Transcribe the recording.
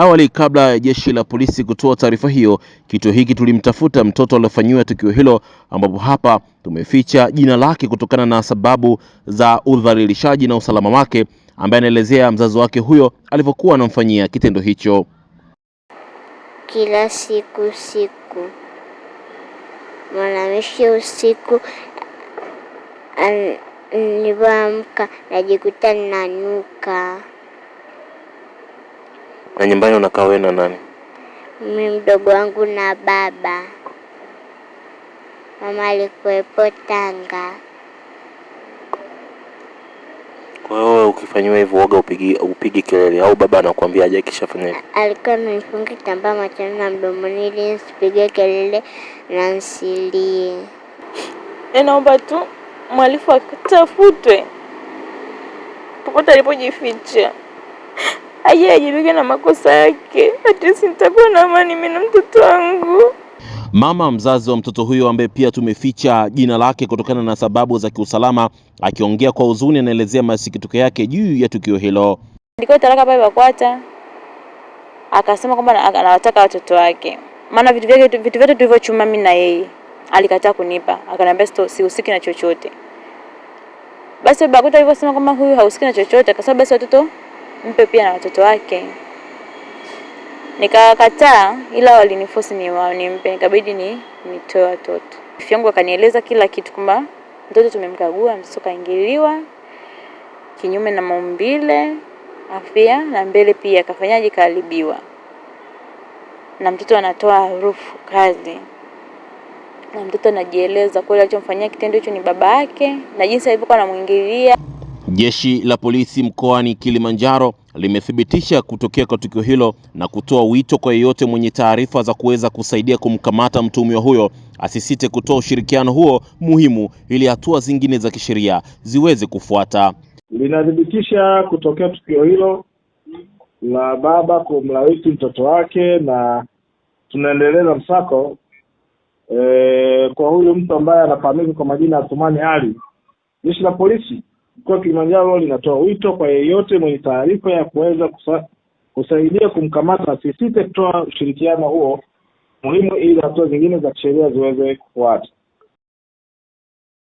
Awali, kabla ya jeshi la polisi kutoa taarifa hiyo, kituo hiki tulimtafuta mtoto aliofanyiwa tukio hilo, ambapo hapa tumeficha jina lake kutokana na sababu za udhalilishaji na usalama wake, ambaye anaelezea mzazi wake huyo alivyokuwa anamfanyia kitendo hicho. Kila siku siku mwanamishi usiku nivamka najikuta ninanuka. Na nyumbani unakaa wewe na nani? Mimi mdogo wangu na baba. Mama alikuwepo Tanga. Kwa hiyo wewe ukifanyiwa hivyo uoga upigi, upigi kelele au baba anakuambia aje akishafanya hivyo? Alikuwa amenifunga kitambaa machoni na mdomoni ili nisipige kelele na nisilie. Eh, naomba tu mwalifu akatafutwe popote alipojificha aje ajajibika na makosa yake, atlesi nitakuwa na amani mimi na mtoto wangu. Mama mzazi wa mtoto huyo ambaye pia tumeficha jina lake kutokana na sababu za kiusalama, akiongea kwa huzuni, anaelezea masikitiko yake juu ya tukio hilo. Ndiko talaka pale BAKWATA akasema kwamba anawataka watoto wake, maana vitu vyake vitu vyote tulivyochuma mimi na yeye alikataa kunipa, akaniambia sihusiki na chochote. Basi BAKWATA alivyosema kwamba huyu hahusiki na chochote, akasema basi watoto mpe pia na watoto wake. Nikakataa, ila ni nimpe, nikabidi ni nitoe watoto. Rafiki yangu akanieleza kila kitu kwamba mtoto tumemkagua, mtoto kaingiliwa kinyume na maumbile, afya na mbele pia kafanyaje, kaalibiwa na mtoto anatoa harufu kazi na mtoto anajieleza kweli alichomfanyia kitendo hicho ni baba yake, na jinsi alivyokuwa anamwingilia Jeshi la polisi mkoani Kilimanjaro limethibitisha kutokea kwa tukio hilo na kutoa wito kwa yeyote mwenye taarifa za kuweza kusaidia kumkamata mtuhumiwa huyo asisite kutoa ushirikiano huo muhimu ili hatua zingine za kisheria ziweze kufuata. Linathibitisha kutokea tukio hilo la baba kumlawiti mtoto wake na tunaendeleza msako e, kwa huyu mtu ambaye anafahamika kwa majina ya Athumani Ali. Jeshi la polisi Mkoa Kilimanjaro linatoa wito kwa yeyote mwenye taarifa ya kuweza kusa, kusaidia kumkamata sisite kutoa ushirikiano huo muhimu ili hatua zingine za kisheria ziweze kufuata.